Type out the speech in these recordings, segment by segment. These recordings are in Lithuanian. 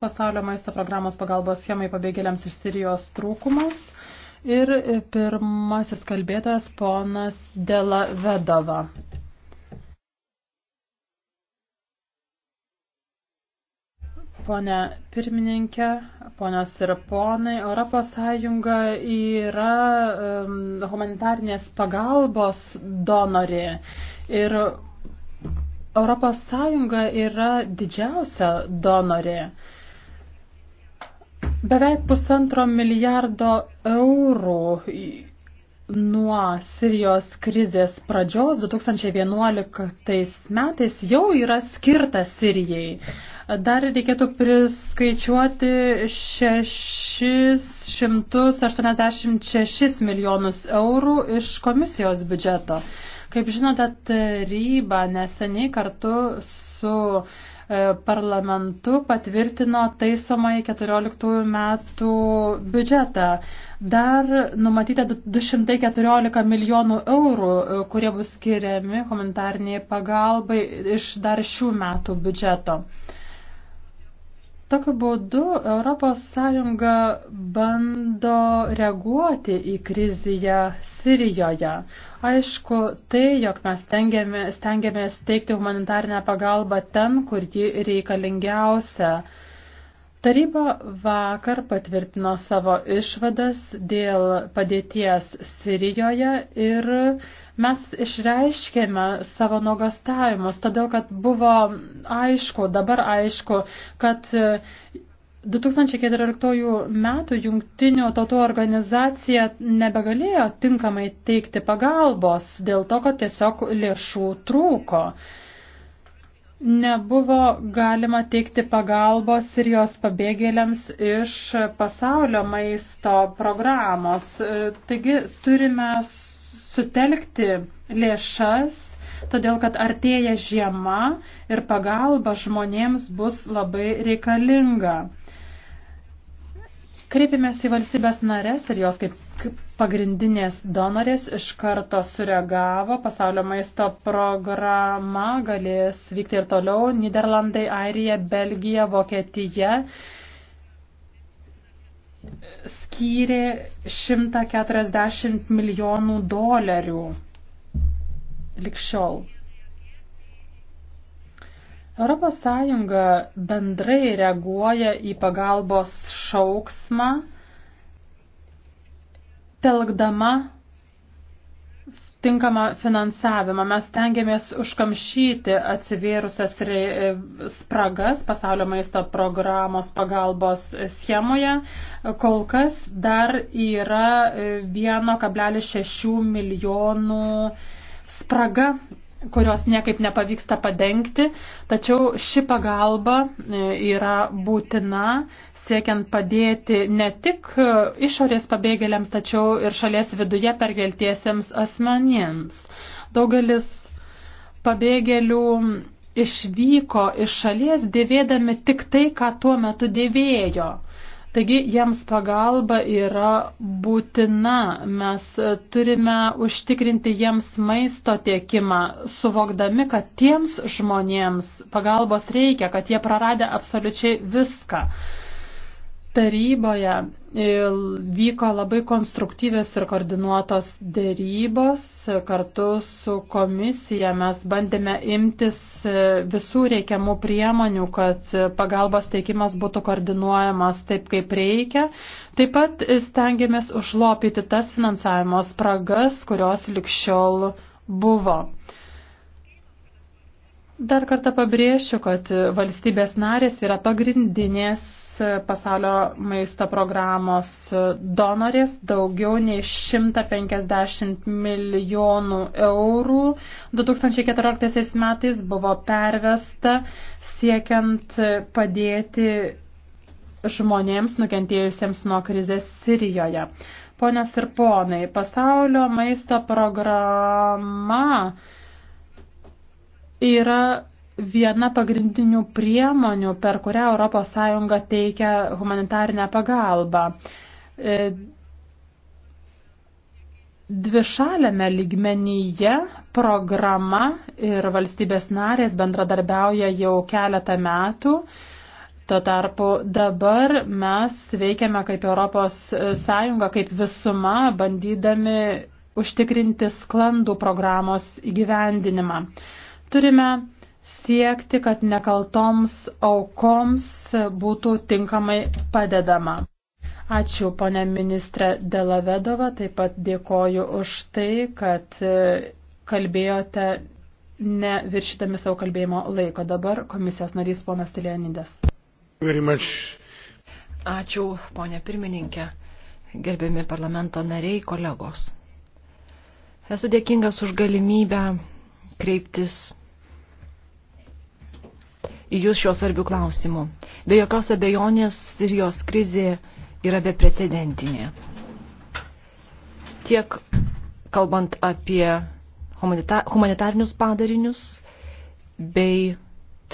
pasaulio maisto programos pagalbos schemai pabėgėliams iš Sirijos trūkumas. Ir pirmasis kalbėtojas ponas Dela Vedova. Pone pirmininkė, ponios ir ponai, ES yra um, humanitarnės pagalbos donorė. Ir ES yra didžiausia donorė. Uh, Beveik pusantro milijardo eurų nuo Sirijos krizės pradžios 2011 metais jau yra skirta Sirijai. Dar reikėtų priskaičiuoti 686 milijonus eurų iš komisijos biudžeto. Kaip žinote, taryba neseniai kartu su uh, E, parlamentu patvirtino taisomai 14 metų biudžetą. Dar numatyta 214 milijonų eurų, e, kurie bus skiriami humanitarniai pagalbai iš dar šių metų biudžeto. Tokiu būdu ES bando reaguoti į kriziją Sirijoje. Aišku, tai, jog mes stengiamės, stengiamės teikti humanitarinę pagalbą ten, kur ji reikalingiausia. Taryba vakar patvirtino savo išvadas dėl padėties Sirijoje ir Mes išreiškėme savo nuogastavimus, todėl kad buvo aišku, dabar aišku, kad 2014 e, metų jungtinių tautų organizacija nebegalėjo tinkamai teikti pagalbos dėl to, kad tiesiog lėšų trūko. Nebuvo galima teikti pagalbos ir jos pabėgėliams iš pasaulio maisto programos. E, taigi turime sutelkti lėšas, todėl kad artėja žiema ir pagalba žmonėms bus labai reikalinga. Kreipėmės į valstybės narės ir jos kaip pagrindinės donorės iš karto sureagavo. Pasaulio maisto programa galės vykti ir toliau. Niderlandai, Airija, Belgija, Vokietija skyrė 140 milijonų dolerių likščiol. Europos Sąjunga bendrai reaguoja į pagalbos šauksmą, telkdama tinkamą finansavimą. Mes tengiamės užkamšyti atsivėrusias e, spragas pasaulio maisto programos pagalbos schemoje. Kol kas dar yra 1,6 e, milijonų spraga kurios niekaip nepavyksta padengti, tačiau ši pagalba e, yra būtina siekiant padėti ne tik e, išorės pabėgėliams, tačiau ir šalies viduje perkeltiesiems asmenims. Daugelis pabėgėlių išvyko iš šalies dėvėdami tik tai, ką tuo metu dėvėjo. Taigi jiems pagalba yra būtina. Mes turime užtikrinti jiems maisto tiekimą, suvokdami, kad tiems žmonėms pagalbos reikia, kad jie praradę absoliučiai viską taryboje vyko labai konstruktyvės ir koordinuotos dėrybos. Kartu su komisija mes bandėme imtis e, visų reikiamų priemonių, kad pagalbos teikimas būtų koordinuojamas taip, kaip reikia. Taip pat stengiamės užlopyti tas finansavimo spragas, kurios likščiol buvo. Dar kartą pabrėšiu, kad valstybės narės yra pagrindinės pasaulio maisto programos donorės daugiau nei 150 milijonų eurų 2014 metais buvo pervesta siekiant padėti žmonėms nukentėjusiems nuo krizės Sirijoje. Ponios ir ponai, pasaulio maisto programa yra viena pagrindinių priemonių, per kurią ES teikia humanitarinę pagalbą. E, Dvišalėme lygmenyje programa ir valstybės narės bendradarbiauja jau keletą metų. Tuo tarpu dabar mes veikiame kaip Europos Sąjunga, kaip visuma, bandydami užtikrinti sklandų programos įgyvendinimą. Turime siekti, kad nekaltoms aukoms būtų tinkamai padedama. Ačiū, ponė ministrė Delavedova, taip pat dėkoju už tai, kad e, kalbėjote neviršydami savo kalbėjimo laiko. Dabar komisijos narys ponas Tilianidas. Ačiū, ponė pirmininkė, gerbiami parlamento nariai, kolegos. Esu dėkingas už galimybę kreiptis į jūs šios svarbių klausimų. Be jokios abejonės Sirijos krizė yra beprecedentinė. Tiek kalbant apie humanitarinius padarinius bei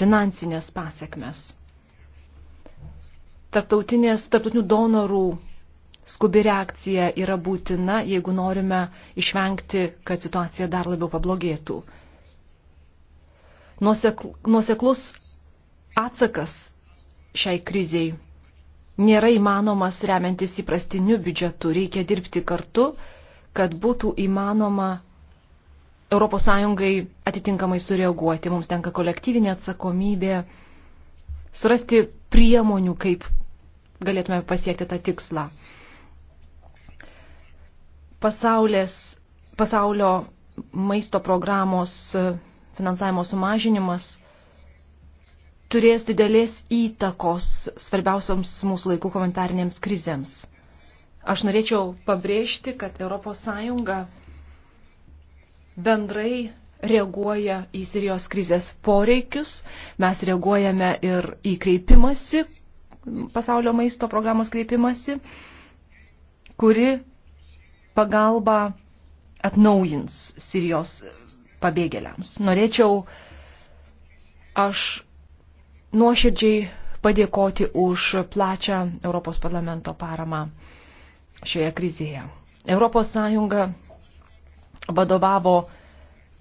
finansinės pasiekmes. Tarptautinių donorų skubi reakcija yra būtina, jeigu norime išvengti, kad situacija dar labiau pablogėtų. Nuoseklus atsakas šiai kriziai nėra įmanomas remiantis įprastiniu biudžetu. Reikia dirbti kartu, kad būtų įmanoma ES atitinkamai sureaguoti. Mums tenka kolektyvinė atsakomybė surasti priemonių, kaip galėtume pasiekti tą tikslą. Pasaulės, pasaulio maisto programos finansavimo sumažinimas turės didelės įtakos svarbiausioms mūsų laikų komentarinėms krizėms. Aš norėčiau pabrėžti, kad ES bendrai reaguoja į Sirijos krizės poreikius, mes reaguojame ir į kreipimąsi, pasaulio maisto programos kreipimąsi, kuri pagalba atnaujins Sirijos pabėgėliams. Norėčiau aš nuoširdžiai padėkoti už plačią Europos parlamento paramą šioje krizėje. Europos Sąjunga vadovavo,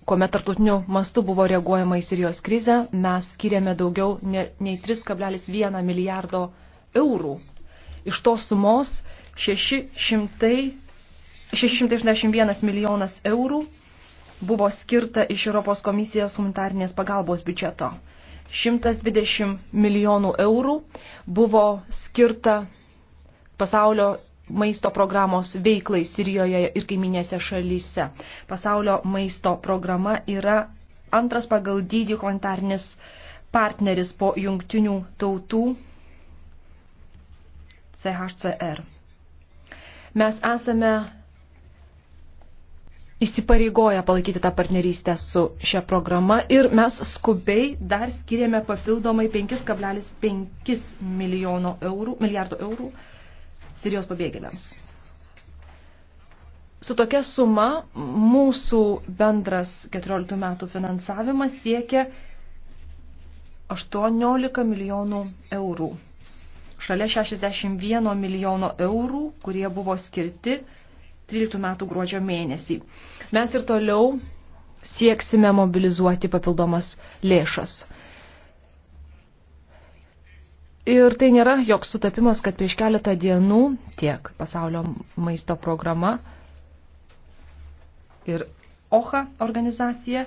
kuomet tartutiniu mastu buvo reaguojama į Sirijos krizę, mes skiriame daugiau nei 3,1 milijardo eurų. Iš tos sumos 600, 661 milijonas eurų buvo skirta iš Europos komisijos humanitarnės pagalbos biudžeto. 120 milijonų eurų buvo skirta pasaulio maisto programos veiklai Sirijoje ir kaiminėse šalyse. Pasaulio maisto programa yra antras pagal dydį humanitarnis partneris po jungtinių tautų CHCR. Mes esame įsipareigoja palaikyti tą partnerystę su šia programa ir mes skubiai dar skiriame papildomai 5,5 milijono eurų, milijardų eurų Sirijos pabėgėliams. Su tokia suma mūsų bendras 14 metų finansavimas siekia 18 milijonų eurų. Šalia 61 milijono eurų, kurie buvo skirti 2013 m. gruodžio mėnesį. Mes ir toliau sieksime mobilizuoti papildomas lėšas. Ir tai nėra joks sutapimas, kad prieš keletą dienų tiek pasaulio maisto programa ir OHA organizacija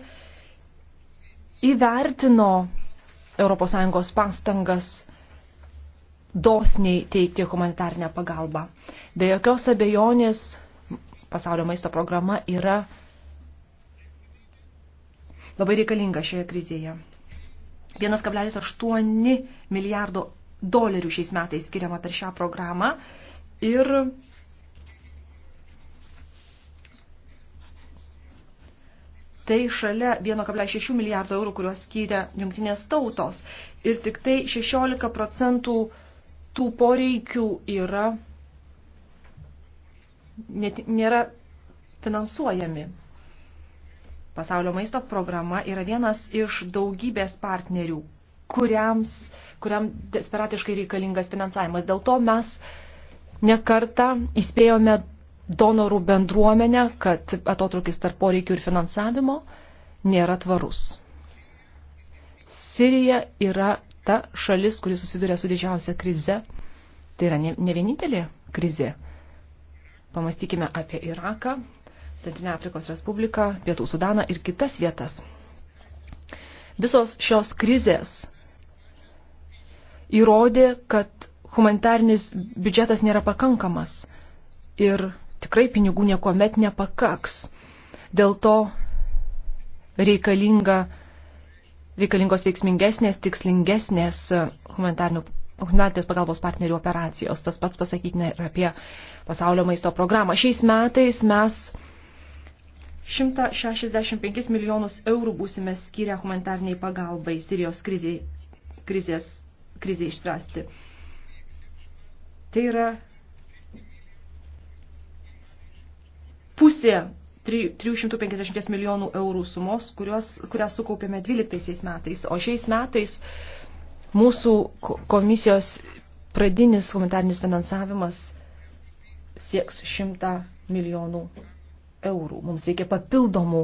įvertino ES pastangas dosniai teikti humanitarinę pagalbą. Be jokios abejonės pasaulio maisto programa yra labai reikalinga šioje krizėje. 1,8 milijardo dolerių šiais metais skiriama per šią programą ir tai šalia 1,6 milijardo eurų, kuriuos skiria jungtinės tautos ir tik tai 16 procentų tų poreikių yra net, nėra finansuojami. Pasaulio maisto programa yra vienas iš daugybės partnerių, kuriams, kuriam desperatiškai reikalingas finansavimas. Dėl to mes nekartą įspėjome donorų bendruomenę, kad atotrukis tarp poreikių ir finansavimo nėra tvarus. Sirija yra ta šalis, kuri susiduria su didžiausia krize. Tai yra ne, ne vienintelė krizė, Pamastykime apie Iraką, Centrinę Afrikos Respubliką, Pietų Sudaną ir kitas vietas. Visos šios krizės įrodė, kad humanitarnis biudžetas nėra pakankamas ir tikrai pinigų niekuomet nepakaks. Dėl to reikalinga, reikalingos veiksmingesnės, tikslingesnės humanitarnio humanitarės pagalbos partnerių operacijos. Tas pats pasakytina ir apie pasaulio maisto programą. Šiais metais mes 165 milijonus eurų būsime skyrę humanitarniai pagalbai Sirijos krizė, krizės, krizė išspręsti. Tai yra pusė 350 milijonų eurų sumos, kurios, kurią sukaupėme 12 metais. O šiais metais Mūsų komisijos pradinis humanitarnis finansavimas sieks 100 milijonų eurų. Mums reikia papildomų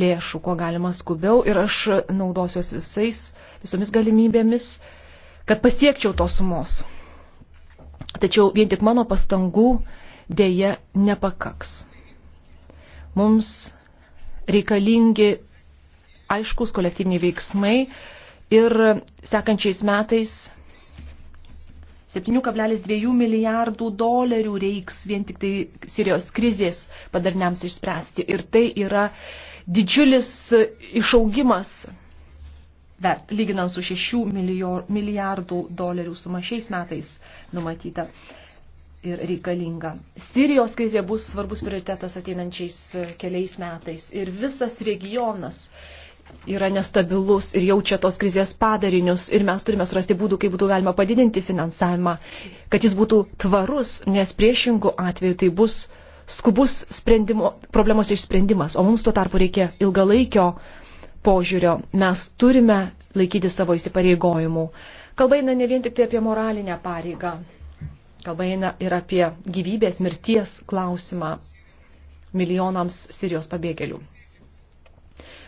lėšų, kuo galima skubiau ir aš naudosiuos visais, visomis galimybėmis, kad pasiekčiau tos sumos. Tačiau vien tik mano pastangų dėje nepakaks. Mums reikalingi aiškus kolektyviniai veiksmai, ir sekančiais metais 7,2 milijardų dolerių reiks vien tik tai Sirijos krizės padarniams išspręsti. Ir tai yra didžiulis išaugimas, bet, lyginant su 6 milijardų dolerių suma šiais metais numatyta ir reikalinga. Sirijos krizė bus svarbus prioritetas ateinančiais keliais metais ir visas regionas yra nestabilus ir jaučia tos krizės padarinius ir mes turime surasti būdų, kaip būtų galima padidinti finansavimą, kad jis būtų tvarus, nes priešingų atveju tai bus skubus problemos išsprendimas, o mums tuo tarpu reikia ilgalaikio požiūrio. Mes turime laikyti savo įsipareigojimų. Kalba eina ne vien tik tai apie moralinę pareigą. Kalba eina ir apie gyvybės, mirties klausimą milijonams Sirijos pabėgėlių.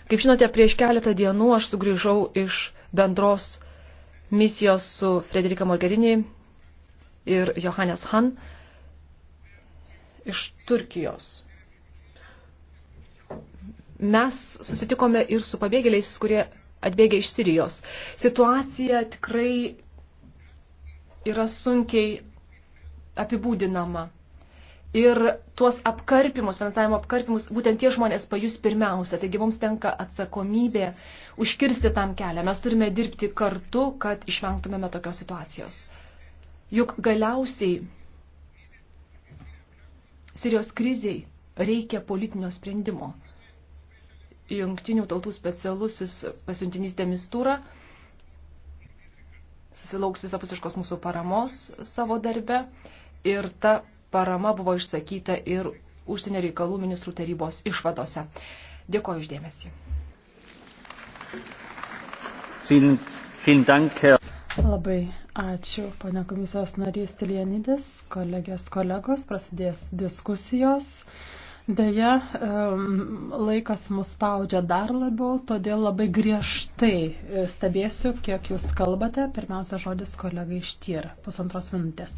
Kaip žinote, prieš keletą dienų aš sugrįžau iš bendros misijos su Frederika Morgerini ir Johannes Han iš Turkijos. Mes susitikome ir su pabėgėliais, kurie atbėgė iš Sirijos. Situacija tikrai yra sunkiai apibūdinama. Ir tuos apkarpimus, finansavimo apkarpimus, būtent tie žmonės pajus pirmiausia. Taigi mums tenka atsakomybė užkirsti tam kelią. Mes turime dirbti kartu, kad išvengtumėme tokios situacijos. Juk galiausiai Sirijos kriziai reikia politinio sprendimo. Jungtinių tautų specialusis pasiuntinys Demistūra susilauks visapusiškos mūsų paramos savo darbe ir ta parama buvo išsakyta ir užsienio reikalų ministrų tarybos išvadose. Dėkoju uždėmesį. Labai ačiū, pane komisijos narys Tilienidis, kolegės kolegos, prasidės diskusijos. Deja, laikas mus spaudžia dar labiau, todėl labai griežtai e, stebėsiu, kiek jūs kalbate. Pirmiausia, žodis kolegai ištyra. Pusantros minutės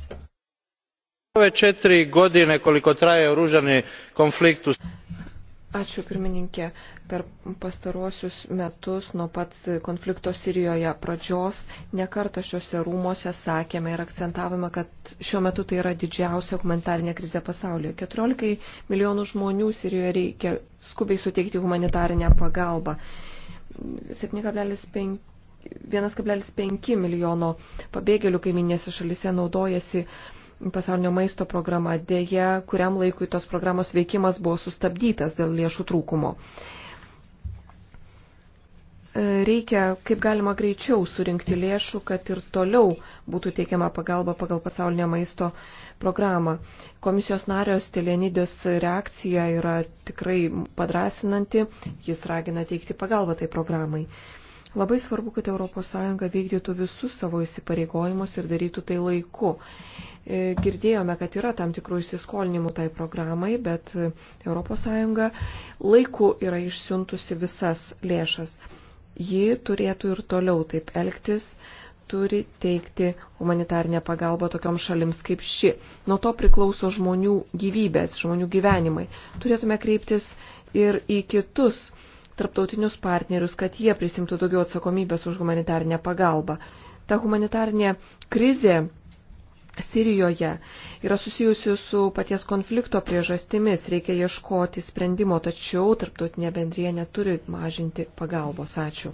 ove četiri godine koliko traje oružani konflikt u Ačiū pirmininkė. Per pastaruosius metus nuo pat konflikto Sirijoje pradžios nekartą šiuose rūmose sakėme ir akcentavome, kad šiuo metu tai yra didžiausia humanitarinė krizė pasaulyje. 14 milijonų žmonių Sirijoje reikia skubiai suteikti humanitarinę pagalbą. 7,5 1,5 milijono pabėgėlių kaiminėse šalise naudojasi pasaulinio maisto programa. Dėja, kuriam laikui tos programos veikimas buvo sustabdytas dėl lėšų trūkumo. E, reikia kaip galima greičiau surinkti lėšų, kad ir toliau būtų teikiama pagalba pagal pasaulinio maisto programą. Komisijos narios Telenidės reakcija yra tikrai padrasinanti, jis ragina teikti pagalbą tai programai. Labai svarbu, kad ES vykdytų visus savo įsipareigojimus ir darytų tai laiku. E, girdėjome, kad yra tam tikrų įsiskolinimų tai programai, bet ES laiku yra išsiuntusi visas lėšas. Ji turėtų ir toliau taip elgtis, turi teikti humanitarnę pagalbą tokiom šalims kaip ši. Nuo to priklauso žmonių gyvybės, žmonių gyvenimai. Turėtume kreiptis ir į kitus tarptautinius partnerius, kad jie prisimtų daugiau atsakomybės už humanitarinę pagalbą. Ta humanitarinė krizė Sirijoje yra susijusi su paties konflikto priežastimis, reikia ieškoti sprendimo, tačiau tarptautinė bendrija neturi mažinti pagalbos. Ačiū.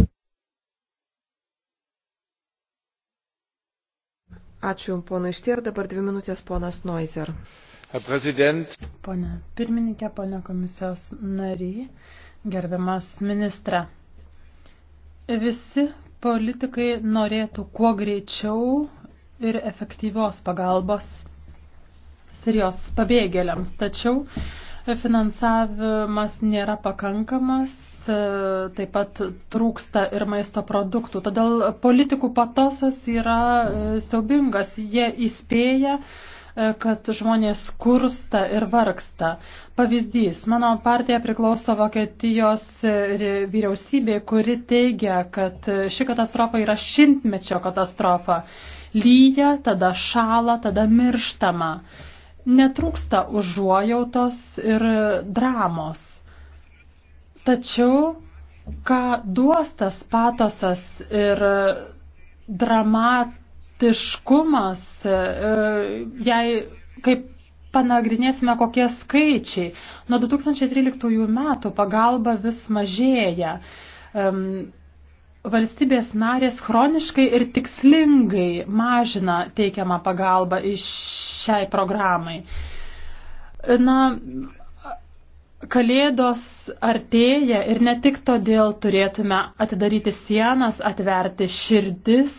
Ačiū, pono Ištier, dabar dvi minutės ponas Noizer. Herr Präsident. Pone pirmininkė, pone komisijos nariai gerbiamas ministre. Visi politikai norėtų kuo greičiau ir efektyvios pagalbos Sirijos pabėgėliams, tačiau finansavimas nėra pakankamas, taip pat trūksta ir maisto produktų. Todėl politikų patosas yra siaubingas, jie įspėja, kad žmonės kursta ir vargsta. Pavyzdys, mano partija priklauso Vokietijos vyriausybė, kuri teigia, kad ši katastrofa yra šimtmečio katastrofa. Lyja, tada šala, tada mirštama. Netrūksta užuojautos ir dramos. Tačiau, ką duos tas patosas ir dramat Tiškumas, e, jei kaip panagrinėsime, kokie skaičiai. Nuo 2013 metų pagalba vis mažėja. Valstybės narės chroniškai ir tikslingai mažina teikiamą pagalbą iš šiai programai. Na, Kalėdos artėja ir ne tik todėl turėtume atidaryti sienas, atverti širdis,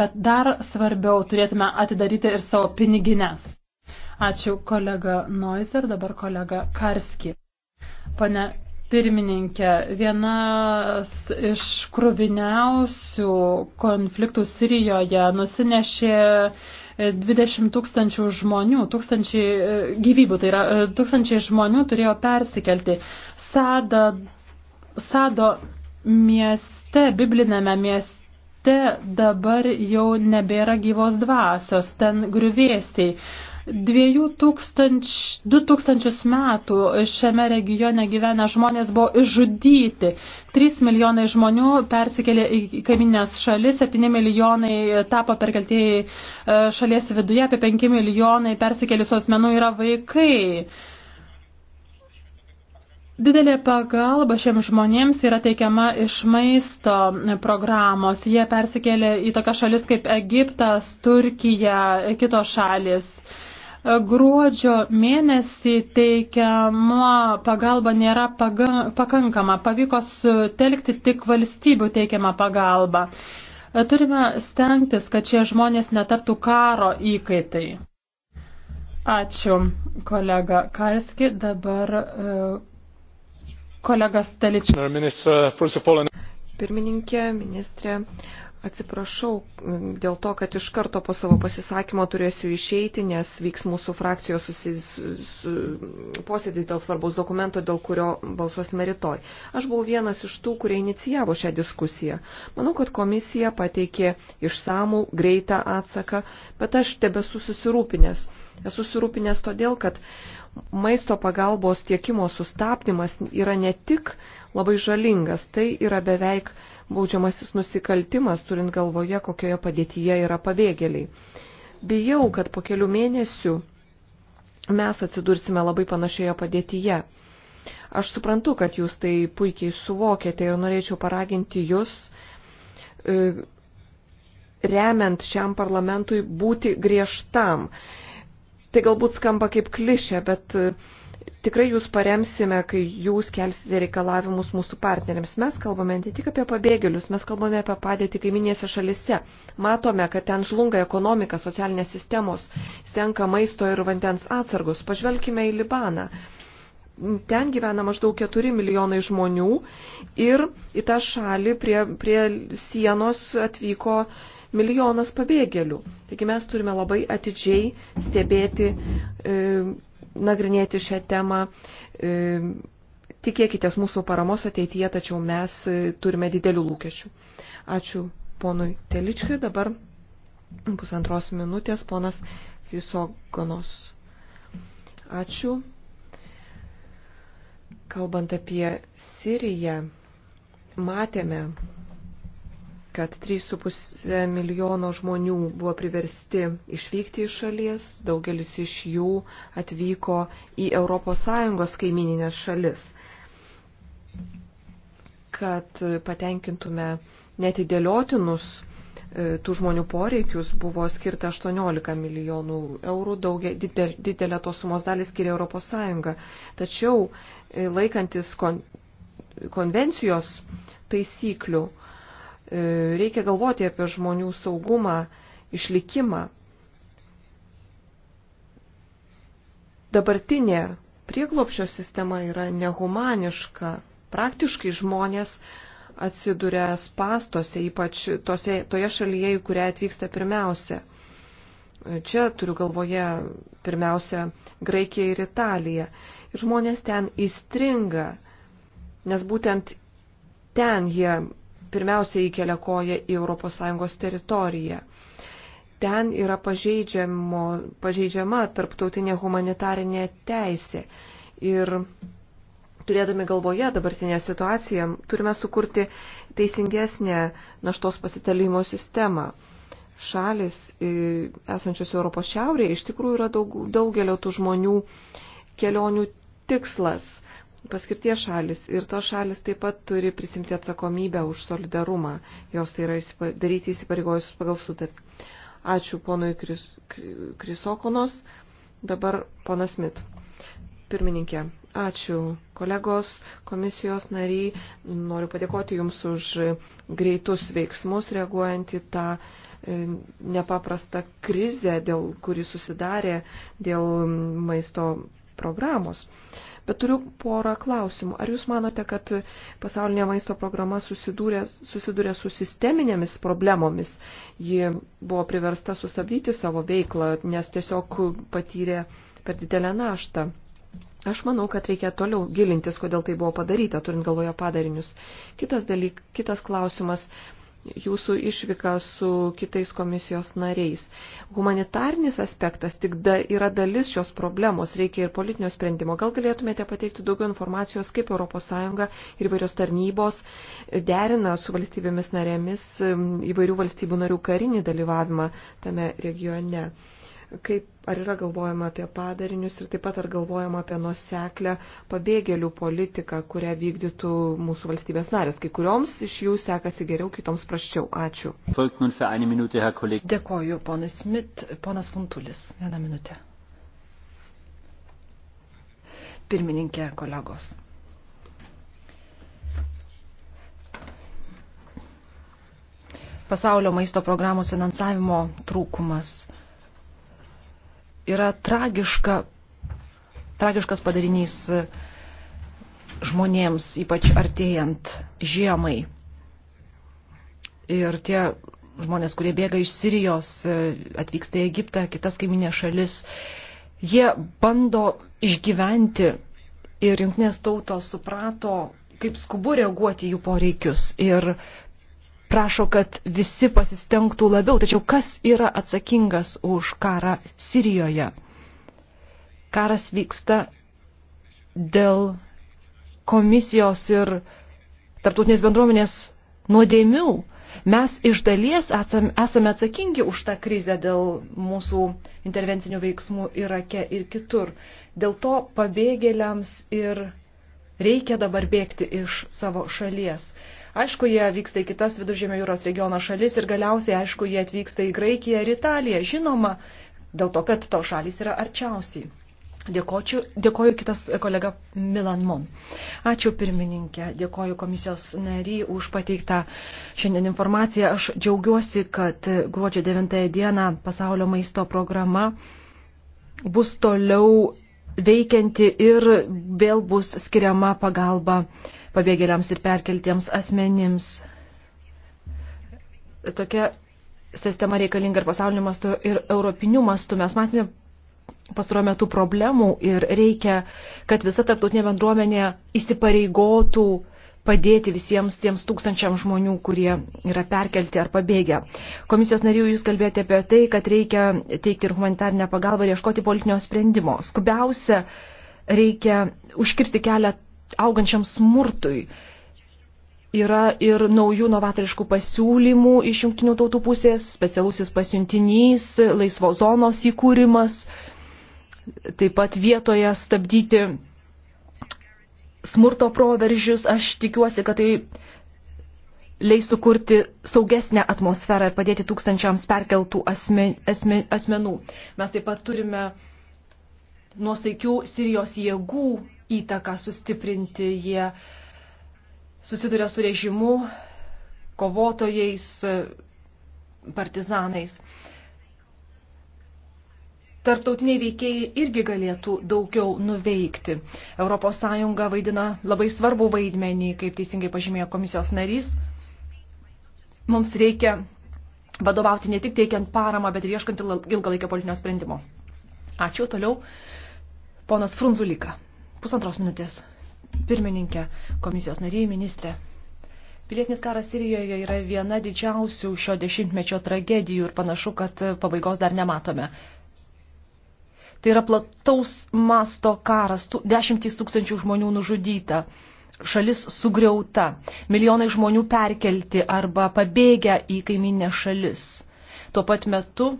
bet dar svarbiau turėtume atidaryti ir savo pinigines. Ačiū kolega Noizer, dabar kolega Karski. Pane pirmininkė, vienas iš kruviniausių konfliktų Sirijoje nusinešė 20 tūkstančių žmonių, tūkstančiai e, gyvybių, tai yra e, tūkstančiai žmonių turėjo persikelti. Sada, sado mieste, biblinėme mieste mieste dabar jau nebėra gyvos dvasios, ten grįvėsiai. 2000 metų šiame regione gyvenę žmonės buvo išžudyti. 3 milijonai žmonių persikėlė į kaiminės šalis, 7 milijonai tapo perkeltieji e, šalies viduje, apie 5 milijonai persikėlusių asmenų yra vaikai. Didelė pagalba šiems žmonėms yra teikiama iš maisto programos. Jie persikėlė į tokias šalis kaip Egiptas, Turkija, kitos šalis. Gruodžio mėnesį teikiama pagalba nėra paga, pakankama, pavyko sutelkti tik valstybių teikiamą pagalbą. Turime stengtis, kad šie žmonės netaptų karo įkaitai. Ačiū, kolega Karski. Dabar e, kolegas Teličius. Pirmininkė, ministrė, Atsiprašau dėl to, kad iš karto po savo pasisakymo turėsiu išeiti, nes vyks mūsų frakcijos susis, su, posėdis dėl svarbaus dokumento, dėl kurio balsuosime rytoj. Aš buvau vienas iš tų, kurie inicijavo šią diskusiją. Manau, kad komisija pateikė išsamų, greitą atsaką, bet aš tebesu susirūpinęs. Esu susirūpinęs todėl, kad maisto pagalbos tiekimo sustabdymas yra ne tik labai žalingas, tai yra beveik baudžiamasis nusikaltimas, turint galvoje, kokioje padėtyje yra pabėgėliai. Bijau, kad po kelių mėnesių mes atsidursime labai panašioje padėtyje. Aš suprantu, kad jūs tai puikiai suvokėte ir norėčiau paraginti jūs, e, remiant šiam parlamentui, būti griežtam. Tai galbūt skamba kaip klišė, bet e, tikrai jūs paremsime, kai jūs kelsite reikalavimus mūsų partneriams. Mes kalbame ne tik apie pabėgėlius, mes kalbame apie padėtį kaiminėse šalise. Matome, kad ten žlunga ekonomika, socialinės sistemos, senka maisto ir vandens atsargus. Pažvelkime į Libaną. Ten gyvena maždaug 4 milijonai žmonių ir į tą šalį prie, prie sienos atvyko milijonas pabėgėlių. Taigi mes turime labai atidžiai stebėti. E, nagrinėti šią temą. E, tikėkitės mūsų paramos ateityje, tačiau mes e, turime didelių lūkesčių. Ačiū ponui Teličkiui. Dabar pusantros minutės ponas Chrysogonos. Ačiū. Kalbant apie Siriją, matėme, kad 3,5 milijono žmonių buvo priversti išvykti iš šalies, daugelis iš jų atvyko į ES kaimininės šalis. Kad patenkintume netidėliotinus e, tų žmonių poreikius buvo skirta 18 milijonų eurų, daugia, didel, didelę tos sumos dalį skiria ES. Tačiau e, laikantis kon, konvencijos taisyklių, E, reikia galvoti apie žmonių saugumą, išlikimą. Dabartinė prieglopšio sistema yra nehumaniška. Praktiškai žmonės atsiduria spastose, ypač tose, toje šalyje, į kurią atvyksta pirmiausia. Čia turiu galvoje pirmiausia Graikiją ir Italiją. Ir žmonės ten įstringa, nes būtent ten jie pirmiausia įkelia koją į ES teritoriją. Ten yra pažeidžiama tarptautinė humanitarinė teisė. Ir turėdami galvoje dabartinę situaciją, turime sukurti teisingesnę naštos pasitalimo sistemą šalis e, esančios Europos šiaurėje iš tikrųjų yra daug, daugelio tų žmonių kelionių tikslas paskirties šalis ir tos šalis taip pat turi prisimti atsakomybę už solidarumą. Jos tai yra įsipa, daryti įsipareigojus pagal sutartį. Ačiū ponui Kris, Krisokonos. Dabar ponas Smith. Pirmininkė, ačiū kolegos, komisijos nariai. Noriu padėkoti Jums už greitus veiksmus reaguojant į tą e, nepaprastą krizę, dėl kuri susidarė dėl maisto programos. Uh, Bet turiu porą klausimų. Ar Jūs manote, kad pasaulinė maisto programa susidūrė, susidūrė su sisteminėmis problemomis? Ji buvo priversta sustabdyti savo veiklą, nes tiesiog patyrė per didelę naštą. Aš manau, kad reikia toliau gilintis, kodėl tai buvo padaryta, turint galvoje padarinius. Kitas, dalyk, kitas klausimas jūsų išvyką su kitais komisijos nariais. Humanitarnis aspektas tik da, yra dalis šios problemos, reikia ir politinio sprendimo. Gal galėtumėte pateikti daugiau informacijos, kaip ES ir įvairios tarnybos derina su valstybėmis narėmis e, įvairių valstybių narių karinį dalyvavimą tame regione kaip, ar yra galvojama apie padarinius ir taip pat ar galvojama apie nuseklę pabėgėlių politiką, kurią vykdytų mūsų valstybės narės. Kai kurioms iš jų sekasi geriau, kitoms praščiau. Ačiū. Dėkoju, ponas Smith, ponas Funtulis. Vieną minutę. Pirmininkė, kolegos. Pasaulio maisto programos finansavimo trūkumas yra tragiška, tragiškas padarinys žmonėms, ypač artėjant žiemai. Ir tie žmonės, kurie bėga iš Sirijos, atvyksta į Egiptą, kitas kaiminės šalis, jie bando išgyventi ir jungtinės tautos suprato, kaip skubu reaguoti jų poreikius. Ir prašo, kad visi pasistengtų labiau. Tačiau kas yra atsakingas už karą Sirijoje? Karas vyksta dėl komisijos ir tarptautinės bendruomenės nuodėmių. Mes iš dalies esame atsakingi už tą krizę dėl mūsų intervencinių veiksmų Irake ir kitur. Dėl to pabėgėliams ir reikia dabar bėgti iš savo šalies. Aišku, jie vyksta į kitas viduržėmio jūros regiono šalis ir galiausiai, aišku, jie atvyksta į Graikiją ir Italiją, žinoma, dėl to, kad to šalis yra arčiausiai. Dėkočiu, dėkoju kitas kolega Milan Mon. Ačiū pirmininkė, dėkoju komisijos nary už pateiktą šiandien informaciją. Aš džiaugiuosi, kad gruodžio 9 dieną pasaulio maisto programa bus toliau veikianti ir vėl bus skiriama pagalba pabėgėliams ir perkeltiems asmenims. Tokia sistema reikalinga ir pasauliniu mastu, ir europiniu mastu. Mes matėme pastaruoju metu problemų ir reikia, kad visa tarptautinė bendruomenė įsipareigotų uh, padėti visiems tiems tūkstančiam žmonių, kurie yra perkelti ar pabėgę. Komisijos narių jūs kalbėjote apie tai, kad reikia teikti ir humanitarinę pagalbą ir ieškoti politinio sprendimo. Skubiausia, reikia užkirsti kelią augančiam smurtui. Yra ir naujų novatoriškų pasiūlymų iš jungtinių tautų pusės, specialusis pasiuntinys, laisvo zonos įkūrimas, taip pat vietoje stabdyti smurto proveržius. Aš tikiuosi, kad tai leis sukurti saugesnę atmosferą ir padėti tūkstančiams perkeltų asmen, asmen, asmenų. Mes taip pat turime nuosaikių Sirijos jėgų įtaką sustiprinti. Jie susiduria su režimu, kovotojais, partizanais tarptautiniai veikėjai irgi galėtų daugiau nuveikti. ES vaidina labai svarbų vaidmenį, kaip teisingai pažymėjo komisijos narys. Mums reikia vadovauti ne tik teikiant paramą, bet ir ieškant ilgalaikio politinio sprendimo. Ačiū toliau. Ponas Frunzulika. Pusantros minutės. Pirmininkė, komisijos nariai, ministrė. Pilietinis karas Sirijoje yra viena didžiausių šio dešimtmečio tragedijų ir panašu, kad pabaigos dar nematome. Tai yra plataus masto karas, dešimtys tūkstančių žmonių nužudyta, šalis sugriauta, milijonai žmonių perkelti arba pabėgę į kaiminę šalis. Tuo pat metu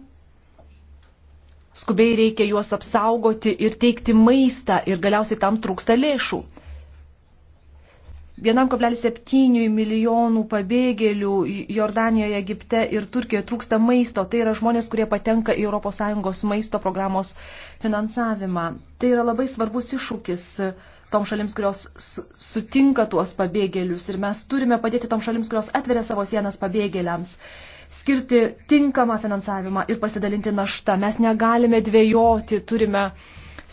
skubiai reikia juos apsaugoti ir teikti maistą ir galiausiai tam trūksta lėšų. 1,7 milijonų pabėgėlių Jordanijoje, Egipte ir Turkijoje trūksta maisto. Tai yra žmonės, kurie patenka į ES maisto programos finansavimą. Tai yra labai svarbus iššūkis tom šalims, kurios sutinka tuos pabėgėlius ir mes turime padėti tom šalims, kurios atveria savo sienas pabėgėliams, skirti tinkamą finansavimą ir pasidalinti naštą. Mes negalime dvėjoti, turime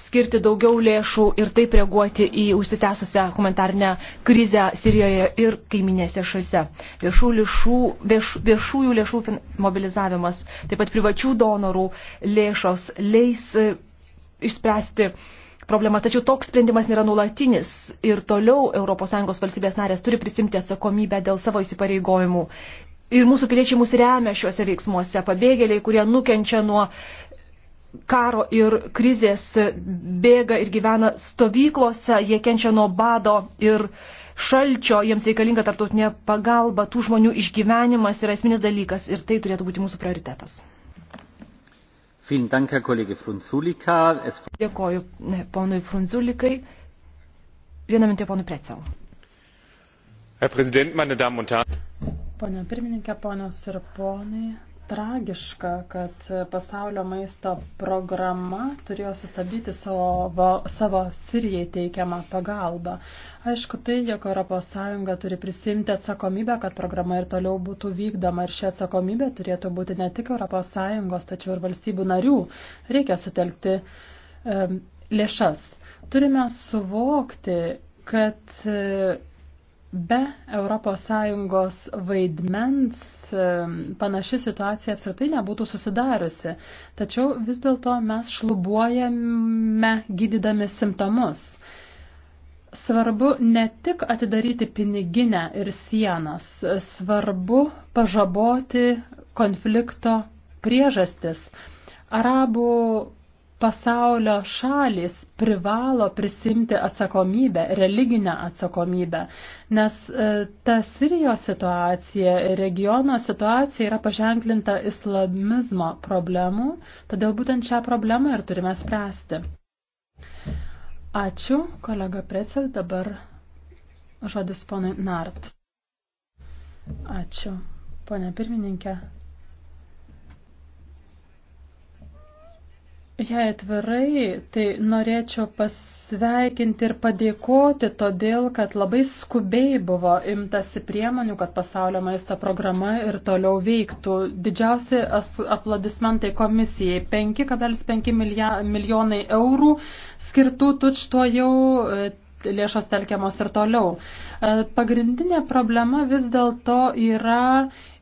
skirti daugiau lėšų ir taip reaguoti į užsitęsusią humanitarnę krizę Sirijoje ir kaiminėse šalise. Viešų lėšų, vieš, viešųjų lėšų mobilizavimas, taip pat privačių donorų lėšos leis išspręsti problemas. Tačiau toks sprendimas nėra nulatinis ir toliau ES valstybės narės turi prisimti atsakomybę dėl savo įsipareigojimų. Ir mūsų piliečiai mus remia šiuose veiksmuose. Pabėgėliai, kurie nukenčia nuo karo ir krizės, bėga ir gyvena stovyklose, jie kenčia nuo bado ir šalčio, jiems reikalinga tarptautinė pagalba, tų žmonių išgyvenimas yra esminis dalykas ir tai turėtų būti mūsų prioritetas. Dėkoju ponui Frunzulikai. Vieną minutę ponui Precel. Herr Präsident, meine Damen und Herren. Pone pirmininkė, ponios ir ponai, tragiška, kad pasaulio maisto programa turėjo sustabdyti savo, va, savo Sirijai teikiamą pagalbą. Aišku, tai, jog ES turi prisimti atsakomybę, kad programa ir toliau būtų vykdoma ir ši atsakomybė turėtų būti ne tik ES, tačiau ir valstybių narių. Reikia sutelkti um, lėšas. Turime suvokti, kad um, Be ES vaidmens panaši situacija apskritai nebūtų susidariusi, tačiau vis dėlto mes šlubuojame gydydami simptomus. Svarbu ne tik atidaryti piniginę ir sienas, svarbu pažaboti konflikto priežastis. Arabų pasaulio šalis privalo prisimti atsakomybę, religinę atsakomybę, nes e, ta Sirijos situacija, regiono situacija yra paženklinta islamizmo problemų, todėl būtent šią problemą ir turime spręsti. Ačiū, kolega Presel, dabar žodis ponui Nart. Ačiū, ponia pirmininkė. Jei atvirai, tai norėčiau pasveikinti ir padėkoti, todėl kad labai skubiai buvo imtasi priemonių, kad pasaulio maisto programa ir toliau veiktų. Didžiausi aplodismentai komisijai - 5,5 milijonai eurų skirtų tučto jau e, lėšos telkiamos ir toliau. E, pagrindinė problema vis dėlto yra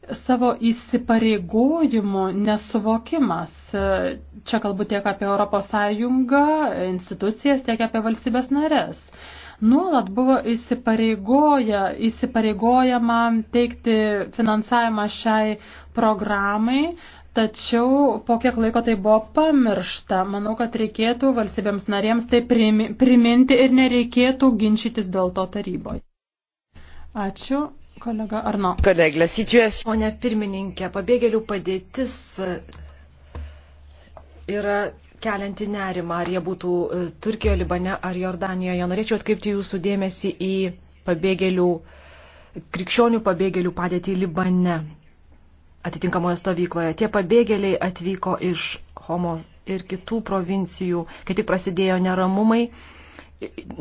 savo įsipareigojimų nesuvokimas. Čia kalbu tiek apie ES institucijas, tiek apie valstybės narės. Nuolat buvo įsipareigojama teikti finansavimą šiai programai, Tačiau po kiek laiko tai buvo pamiršta. Manau, kad reikėtų valstybėms narėms tai priminti ir nereikėtų ginčytis dėl to taryboje. Ačiū. Kolega Arno. Kolega, situacija. Pone pirmininkė, pabėgėlių padėtis e, yra kelianti nerimą, ar jie būtų e, Turkijoje, Libane ar Jordanijoje. Norėčiau atkreipti jūsų dėmesį į pabėgėlių, krikščionių pabėgėlių padėtį Libane atitinkamoje stovykloje. Tie pabėgėliai atvyko iš Homo ir kitų provincijų, kai tik prasidėjo neramumai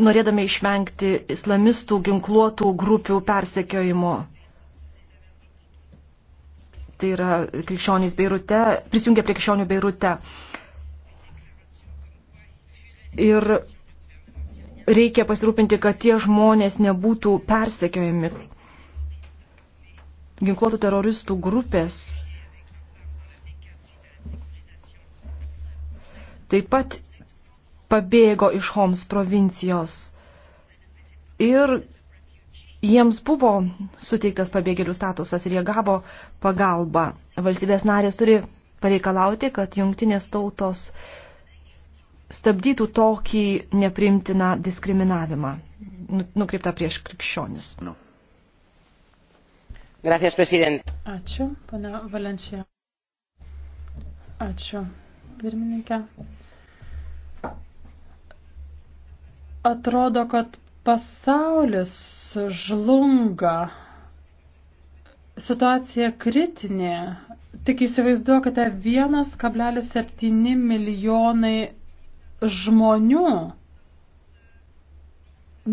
norėdami išvengti islamistų ginkluotų grupių persekiojimo. Tai yra krikščionys Beirute, prisijungia prie krikščionių Beirute. Ir reikia pasirūpinti, kad tie žmonės nebūtų persekiojami. Ginkluotų teroristų grupės taip pat pabėgo iš Homs provincijos. Ir jiems buvo suteiktas pabėgėlių statusas ir jie gavo pagalbą. Valstybės narės turi pareikalauti, kad jungtinės tautos stabdytų tokį neprimtiną diskriminavimą, nu, nukreiptą prieš krikščionis. No. Gracias, president. Ačiū, pana Valenčia. Ačiū, pirmininkė. Atrodo, kad pasaulis žlunga, situacija kritinė. Tik įsivaizduokite 1,7 milijonai žmonių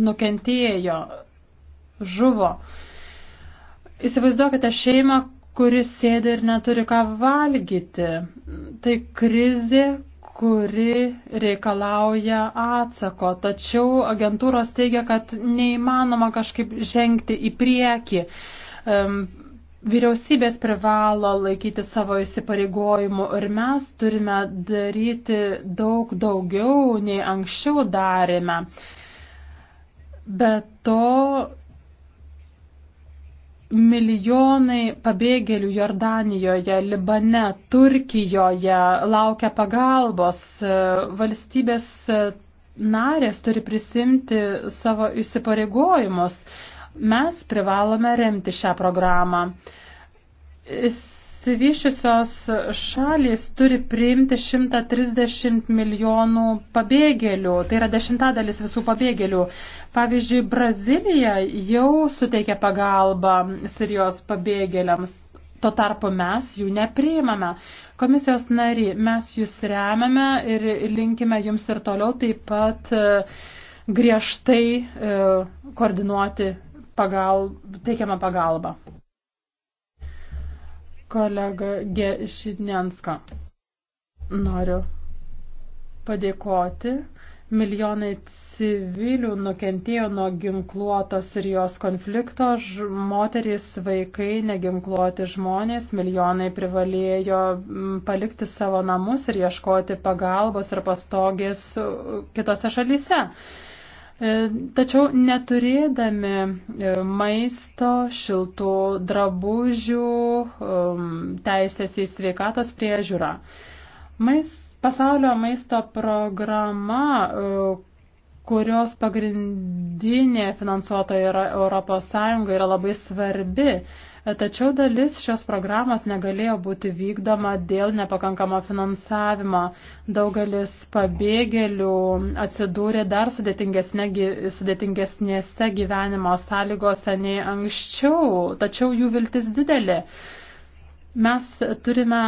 nukentėjo, žuvo. Įsivaizduokite šeimą, kuris sėdi ir neturi ką valgyti. Tai krizė, kuri reikalauja atsako. Tačiau agentūros teigia, kad neįmanoma kažkaip žengti į priekį. Vyriausybės privalo laikyti savo įsipareigojimų ir mes turime daryti daug daugiau nei anksčiau darėme. Bet to Milijonai pabėgėlių Jordanijoje, Libane, Turkijoje laukia pagalbos. Valstybės narės turi prisimti savo įsipareigojimus. Mes privalome remti šią programą. Išsivyšiusios šalys turi priimti 130 milijonų pabėgėlių, tai yra dešimtadalis visų pabėgėlių. Pavyzdžiui, Brazilija jau suteikia pagalbą Sirijos pabėgėliams, tuo tarpu mes jų nepriimame. Komisijos nari, mes jūs remiame ir linkime jums ir toliau taip pat e, griežtai e, koordinuoti pagal, teikiamą pagalbą kolega G. Šidnenska. Noriu padėkoti. Milijonai civilių nukentėjo nuo ginkluotos ir jos konflikto, moterys, vaikai, neginkluoti žmonės, milijonai privalėjo palikti savo namus ir ieškoti pagalbos ir pastogės kitose šalyse. E, tačiau neturėdami e, maisto, šiltų drabužių, um, teisės į sveikatos priežiūrą. Mais, pasaulio maisto programa, e, kurios pagrindinė finansuotoja yra ES, yra labai svarbi. Tačiau dalis šios programos negalėjo būti vykdoma dėl nepakankamo finansavimo. Daugelis pabėgėlių atsidūrė dar sudėtingesnėse gyvenimo sąlygose nei anksčiau, tačiau jų viltis didelė. Mes turime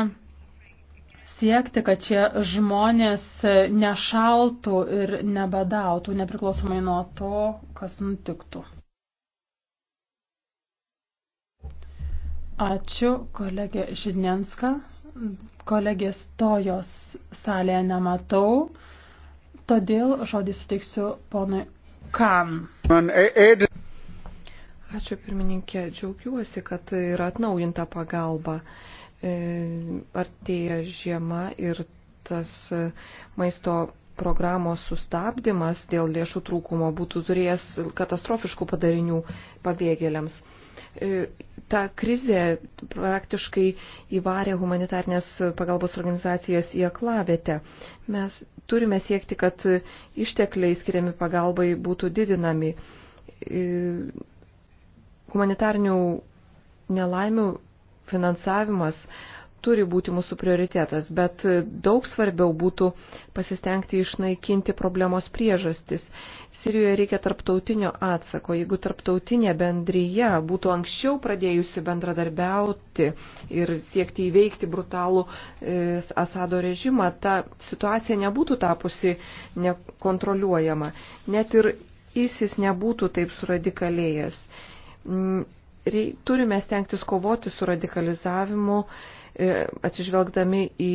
siekti, kad šie žmonės nešaltų ir nebadautų, nepriklausomai nuo to, kas nutiktų. Ačiū, kolegė Židnianska. Kolegės tojos salėje nematau, todėl žodį suteiksiu ponui Kam. E- Ačiū pirmininkė, džiaugiuosi, kad yra atnaujinta pagalba. E, artėja žiema ir tas maisto programos sustabdymas dėl lėšų trūkumo būtų turėjęs katastrofiškų padarinių pabėgėliams. E, ta krizė praktiškai įvarė humanitarnės pagalbos organizacijas į aklavietę. Mes turime siekti, kad ištekliai skiriami pagalbai būtų didinami. E, humanitarnių nelaimių finansavimas turi būti mūsų prioritetas, bet daug svarbiau būtų pasistengti išnaikinti problemos priežastis. Sirijoje reikia tarptautinio atsako. Jeigu tarptautinė bendryje būtų anksčiau pradėjusi bendradarbiauti ir siekti įveikti brutalų e, Asado režimą, ta situacija nebūtų tapusi nekontroliuojama. Net ir ISIS nebūtų taip suradikalėjęs mm, turime stengtis kovoti su radikalizavimu, E, atsižvelgdami į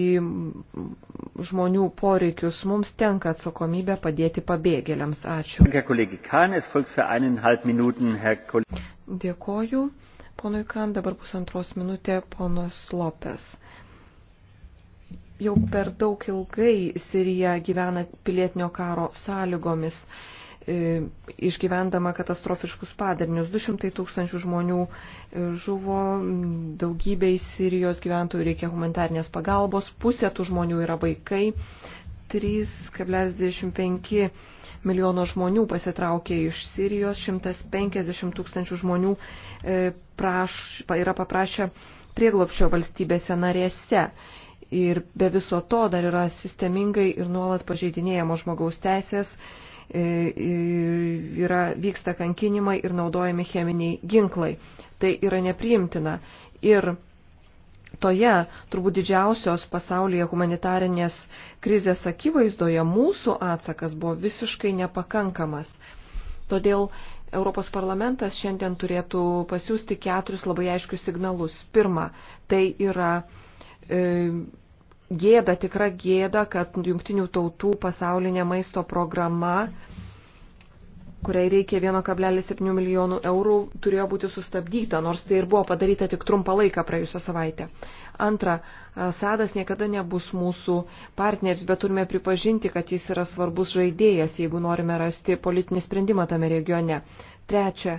žmonių poreikius, mums tenka atsakomybė padėti pabėgėliams. Ačiū. Dėkoju. Ponui Kan, dabar pusantros minutė, ponas Lopes. Jau per daug ilgai Sirija gyvena pilietinio karo sąlygomis. E, išgyvendama katastrofiškus padarinius. 200 tūkstančių žmonių e, žuvo, daugybė į Sirijos gyventojų reikia humanitarnės pagalbos, pusė tų žmonių yra vaikai, 3,25 milijono žmonių pasitraukė iš Sirijos, 150 tūkstančių žmonių e, praš, yra paprašę prieglopšio valstybėse narėse. Ir be viso to dar yra sistemingai ir nuolat pažeidinėjamos žmogaus teisės, E, e, yra, vyksta kankinimai ir naudojami cheminiai ginklai. Tai yra nepriimtina. Ir toje turbūt didžiausios pasaulyje humanitarinės krizės akivaizdoje mūsų atsakas buvo visiškai nepakankamas. Todėl Europos parlamentas šiandien turėtų pasiūsti keturis labai aiškius signalus. Pirma, tai yra e, gėda, tikra gėda, kad jungtinių tautų pasaulinė maisto programa, kuriai reikia 1,7 milijonų eurų, turėjo būti sustabdyta, nors tai ir buvo padaryta tik trumpą laiką praėjusią savaitę. Antra, Sadas niekada nebus mūsų partneris, bet turime pripažinti, kad jis yra svarbus žaidėjas, jeigu norime rasti politinį sprendimą tame regione. Trečia,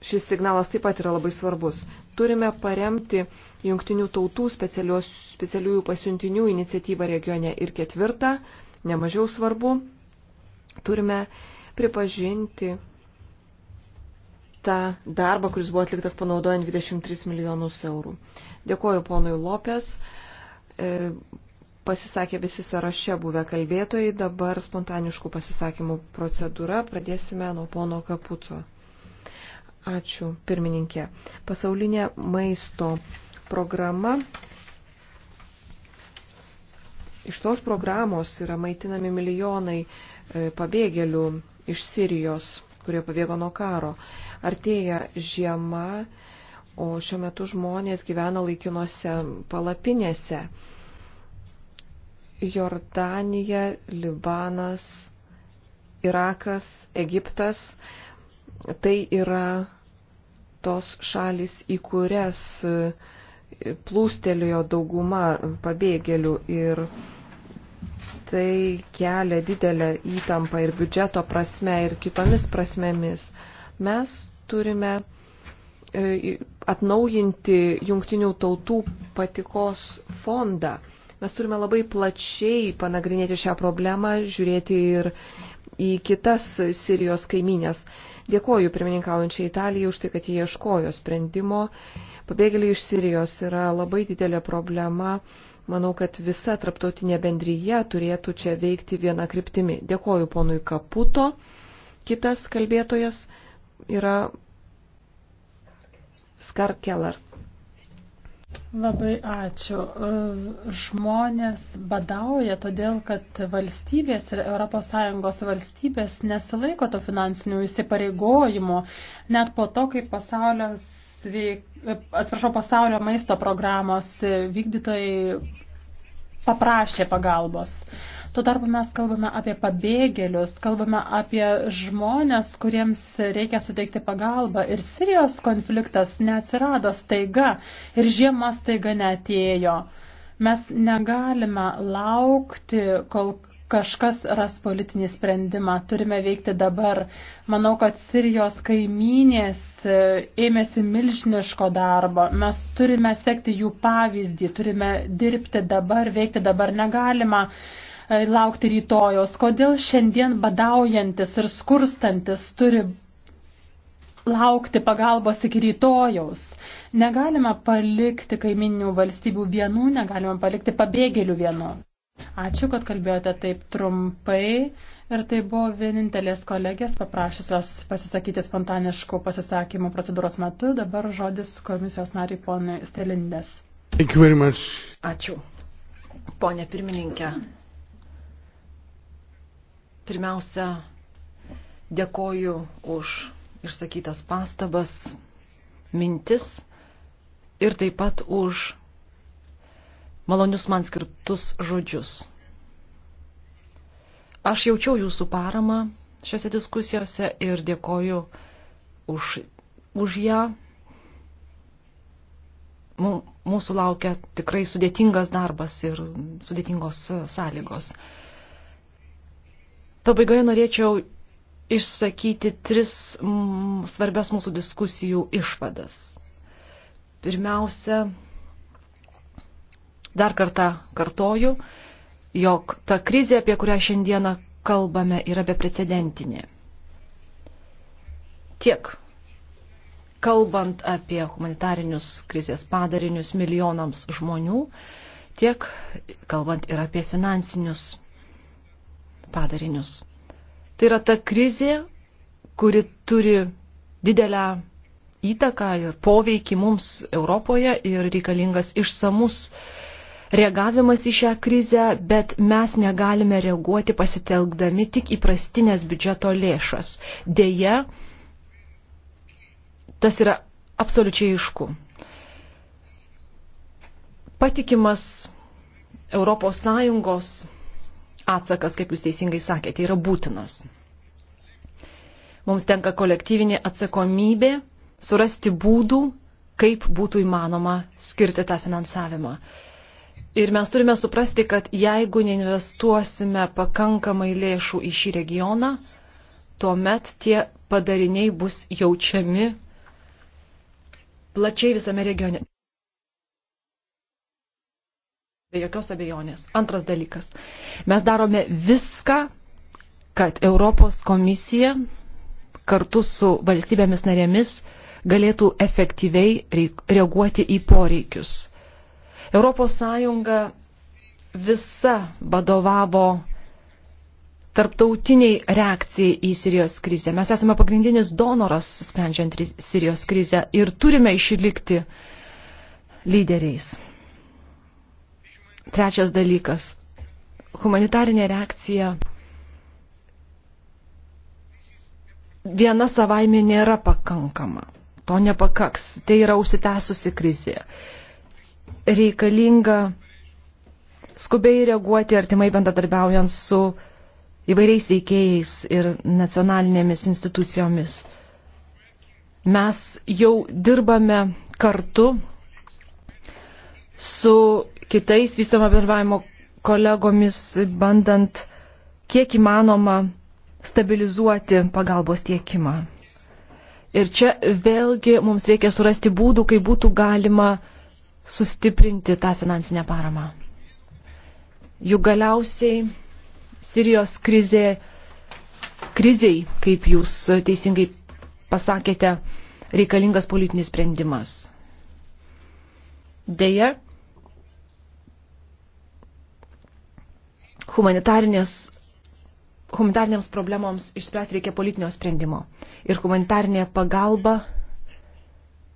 šis signalas taip pat yra labai svarbus. Turime paremti jungtinių tautų specialiųjų pasiuntinių iniciatyvą regione. Ir ketvirta, nemažiau svarbu, turime pripažinti tą darbą, kuris buvo atliktas panaudojant 23 milijonus eurų. Dėkoju ponui Lopės. E, pasisakė visi sąraše buvę kalbėtojai, dabar spontaniškų pasisakymų procedūra. Pradėsime nuo pono Kaputo. Ačiū, pirmininkė. Pasaulinė maisto programa. Iš tos programos yra maitinami milijonai e, pabėgėlių iš Sirijos, kurie pabėgo nuo karo. Artėja žiema, o šiuo metu žmonės gyvena laikinose palapinėse. Jordanija, Libanas, Irakas, Egiptas tai yra tos šalis, į kurias uh, plūstelėjo dauguma pabėgėlių ir tai kelia didelę įtampą ir biudžeto prasme, ir kitomis prasmėmis. Mes turime e, atnaujinti jungtinių tautų patikos fondą. Mes turime labai plačiai panagrinėti šią problemą, žiūrėti ir į kitas Sirijos kaiminės Dėkoju pirmininkaujančiai Italijai už tai, kad jie ieškojo sprendimo. Pabėgėliai iš Sirijos yra labai didelė problema. Manau, kad visa traptautinė bendryje turėtų čia veikti vieną kryptimį. Dėkoju ponui Kaputo. Kitas kalbėtojas yra Skar Keller. Labai ačiū. E, žmonės badauja todėl, kad valstybės ir ES valstybės nesilaiko to finansinių įsipareigojimų, net po to, kai pasaulio, sveik... E, atsiprašau, pasaulio maisto programos vykdytojai paprašė pagalbos. Tuo tarpu mes kalbame apie pabėgėlius, kalbame apie žmonės, kuriems reikia suteikti pagalbą. Ir Sirijos konfliktas neatsirado staiga ir žiema staiga netėjo. Mes negalime laukti, kol kažkas ras politinį sprendimą. Turime veikti dabar. Manau, kad Sirijos kaimynės ėmėsi milžiniško darbo. Mes turime sekti jų pavyzdį, turime dirbti dabar, veikti dabar. Negalima uh, E, laukti rytojos, kodėl šiandien badaujantis ir skurstantis turi laukti pagalbos iki rytojaus. Negalima palikti kaiminių valstybių vienų, negalima palikti pabėgėlių vienų. Ačiū, kad kalbėjote taip trumpai ir tai buvo vienintelės kolegės paprašusios pasisakyti spontaniškų pasisakymų procedūros metu. Dabar žodis komisijos nariai ponui Stelindės. Ačiū. Pone pirmininkė, Pirmiausia, dėkoju už išsakytas pastabas, mintis ir taip pat už malonius man skirtus žodžius. Aš jaučiau jūsų paramą šiose diskusijose ir dėkoju už, už ją. Mūsų laukia tikrai sudėtingas darbas ir sudėtingos sąlygos. Pabaigoje norėčiau išsakyti tris mm, svarbias mūsų diskusijų išvadas. Pirmiausia, dar kartą kartoju, jog ta krizė, apie kurią šiandieną kalbame, yra beprecedentinė. Tiek kalbant apie humanitarinius krizės padarinius milijonams žmonių, tiek kalbant ir apie finansinius padarinius. Tai yra ta krizė, kuri turi didelę įtaką ir poveikį mums Europoje ir reikalingas išsamus reagavimas į šią krizę, bet mes negalime reaguoti pasitelkdami tik įprastinės biudžeto lėšas. Deja, tas yra absoliučiai išku. Patikimas ES atsakas, kaip jūs teisingai sakėte, tai yra būtinas. Mums tenka kolektyvinė atsakomybė surasti būdų, kaip būtų įmanoma skirti tą finansavimą. Ir mes turime suprasti, kad jeigu neinvestuosime pakankamai lėšų į šį regioną, tuomet tie padariniai bus jaučiami plačiai visame regione. Be jokios abejonės. Antras dalykas. Mes darome viską, kad Europos komisija kartu su valstybėmis narėmis galėtų efektyviai reaguoti į poreikius. Europos Sąjunga visa vadovavo tarptautiniai reakcijai į Sirijos krizę. Mes esame pagrindinis donoras sprendžiant Sirijos krizę ir turime išlikti lyderiais. Trečias dalykas. Humanitarinė reakcija viena savaime nėra pakankama. To nepakaks. Tai yra užsitęsusi krizė. Reikalinga skubiai reaguoti artimai bendradarbiaujant su įvairiais veikėjais ir nacionalinėmis institucijomis. Mes jau dirbame kartu su kitais vystomo bendravimo kolegomis, bandant kiek įmanoma stabilizuoti pagalbos tiekimą. Ir čia vėlgi mums reikia surasti būdų, kaip būtų galima sustiprinti tą finansinę paramą. Juk galiausiai Sirijos krizė, kriziai, kaip jūs teisingai pasakėte, reikalingas politinis sprendimas. Deja, humanitarinės humanitariniams problemoms išspręsti reikia politinio sprendimo. Ir humanitarinė pagalba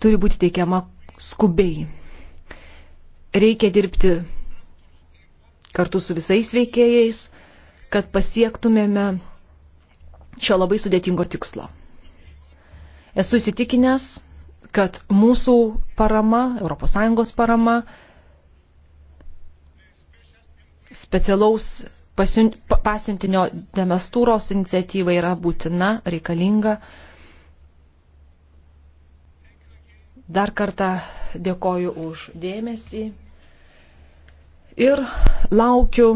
turi būti teikiama skubiai. Reikia dirbti kartu su visais veikėjais, kad pasiektumėme šio labai sudėtingo tikslo. Esu įsitikinęs, kad mūsų parama, ES parama, specialaus pasiuntinio demestūros iniciatyva yra būtina, reikalinga. Dar kartą dėkoju už dėmesį ir laukiu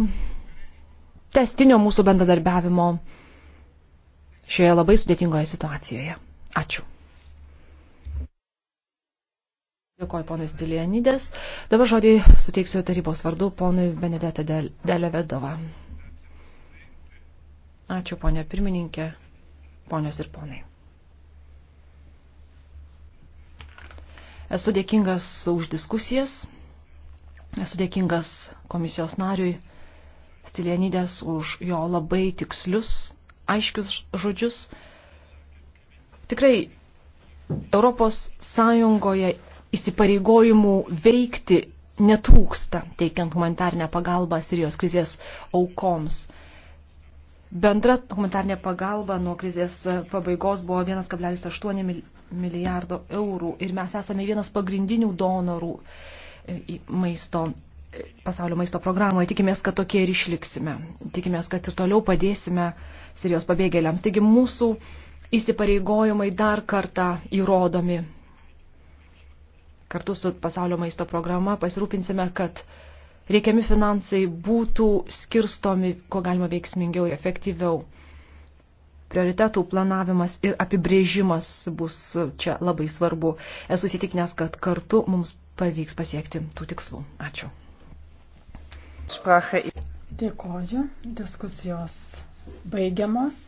testinio mūsų bendradarbiavimo šioje labai sudėtingoje situacijoje. Ačiū. Dėkoju ponui Stilienidės. Dabar žodį suteiksiu tarybos vardu ponui Benedetą Delevedovą. Ačiū ponė pirmininkė, ponios ir ponai. Esu dėkingas už diskusijas, esu dėkingas komisijos nariui Stilienidės už jo labai tikslius, aiškius žodžius. Tikrai Europos Sąjungoje įsipareigojimų veikti netrūksta, teikiant humanitarnę pagalbą Sirijos krizės aukoms. Bendra humanitarnė pagalba nuo krizės pabaigos buvo 1,8 milijardo eurų ir mes esame vienas pagrindinių donorų e, maisto, e, pasaulio maisto programoje. Tikimės, kad tokie ir išliksime. Tikimės, kad ir toliau padėsime Sirijos pabėgėliams. Taigi mūsų įsipareigojimai dar kartą įrodomi kartu su pasaulio maisto programa pasirūpinsime, kad reikiami finansai būtų skirstomi, ko galima veiksmingiau ir efektyviau. Prioritetų planavimas ir apibrėžimas bus čia labai svarbu. Esu įsitikinęs, kad kartu mums pavyks pasiekti tų tikslų. Ačiū. Dėkoju. Diskusijos baigiamos.